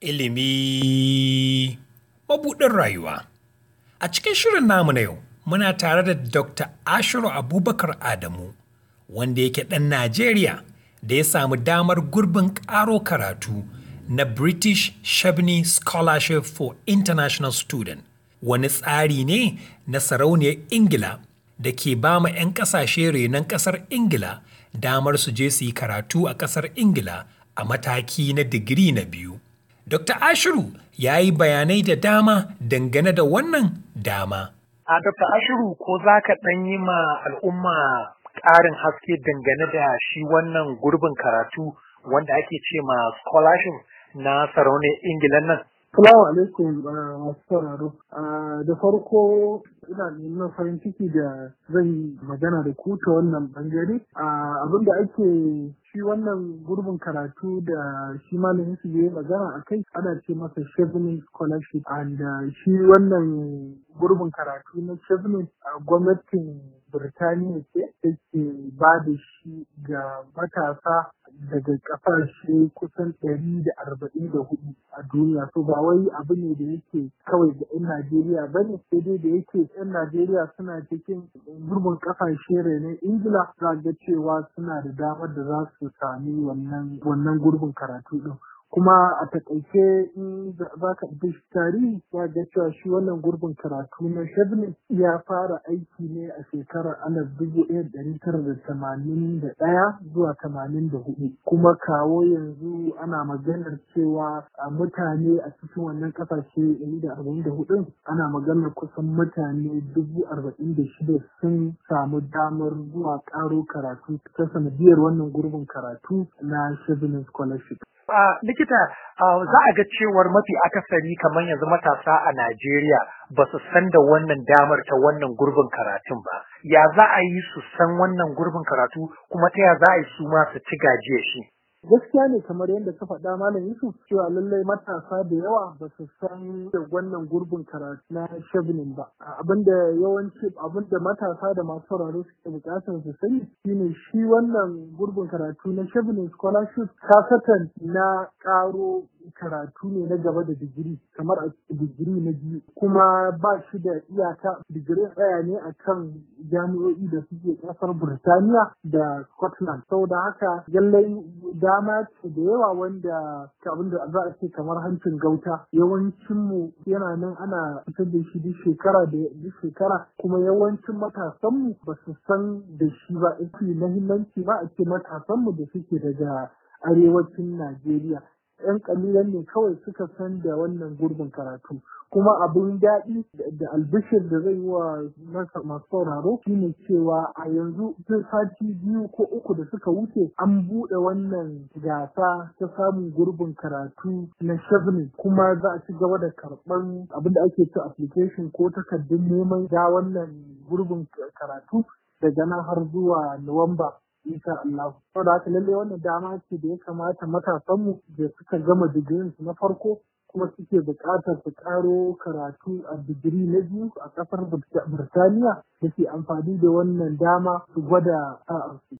Ilimi mabuɗin rayuwa. A cikin shirin namu na yau, muna tare da Dr. Ashiru Abubakar Adamu, wanda yake ɗan Najeriya da ya samu damar gurbin ƙaro karatu na British Shabney Scholarship for International Student, wani tsari ne na sarauniyar Ingila da ke ba ma 'yan ƙasashe renon ƙasar Ingila damar su je su yi karatu a ƙasar Ingila a mataki na digiri na biyu. Dr. Ashiru ya yi bayanai da dama dangane da wannan dama. A Dr. Ashiru ko za ka ɗan yi ma al'umma ƙarin haske dangane da shi wannan gurbin karatu wanda ake ce ma scholarship na sarauniyar Ingila nan. Salamu alaikum uh, masu sauraro. Uh, da farko ina nuna farin ciki da zan magana da ku ta wannan bangare. Uh, abin da ake shi wannan gurbin karatu da shi malamin su yi magana a kai ana ce masa Chevening Scholarship and uh, shi wannan gurbin karatu na Chevening a gwamnatin Birtaniya ce take ba da shi ga matasa daga ƙasashe kusan ɗari da arba'in da hudu a duniya so ba wai abu ne da yake kawai ga 'yan Najeriya ba ne sai dai da yake 'yan Najeriya suna cikin gurbin ƙasashe rene Ingila za ga cewa suna da damar da za su sami wannan gurbin karatu din. kuma a takaice in za ka bi tarihi ya ga cewa shi wannan gurbin karatu na Shebne ya fara aiki ne a shekarar alaf dubu ɗaya ɗari tara da tamanin da ɗaya zuwa tamanin da hudu kuma kawo yanzu ana maganar cewa a mutane a cikin wannan ƙasashe ɗari da arba'in da hudu? ana maganar kusan mutane dubu arba'in da shida sun samu damar zuwa ƙaro karatu ta sanadiyar wannan gurbin karatu na Shebne scholarship. likita za a ga cewar mafi akasari kamar yanzu matasa a Najeriya ba su san da wannan damar ta wannan gurbin karatun ba. Ya za a yi su san wannan gurbin karatu kuma ta ya za a yi su ma su ci gajiya shi? gaskiya ne kamar yadda ka faɗa malam yusuf cewa lallai matasa da yawa ba su san da wannan gurbin karatu na shabnin ba abinda yawanci abinda matasa da masu sauraro suke bukatar su sani shine shi wannan gurbin karatu na shabnin scholarship kasatan na ƙaro karatu ne na gaba da digiri kamar a digiri na biyu kuma ba shi da iyaka digiri tsaya ne a kan jami'o'i da suke kasar Burtaniya da Scotland Sau da haka yallai dama ce da yawa wanda abin da za a ce kamar hancin gauta yawancin yana nan ana fitar da shi duk shekara da duk shekara kuma yawancin matasanmu ba su san da shi ba ake mahimmanci ba a ce matasanmu da suke daga arewacin Najeriya 'yan kalilan ne kawai suka san da wannan gurbin karatu kuma abin daɗi da albishir da zai yi wa masu sauraro shine cewa a yanzu tun sati biyu ko uku da suka wuce an buɗe wannan gasa ta samun gurbin karatu na shavni kuma za a ci gaba da karɓar abin da ake ci application ko takardun neman ga wannan gurbin karatu daga nan har zuwa nuwamba insha Allah. Saboda haka lalle wannan dama ce da ya kamata matasanmu da suka gama digirin su na farko kuma suke buƙatar su ƙaro karatu a digiri na biyu a ƙasar Birtaniya da ke amfani da wannan dama su gwada su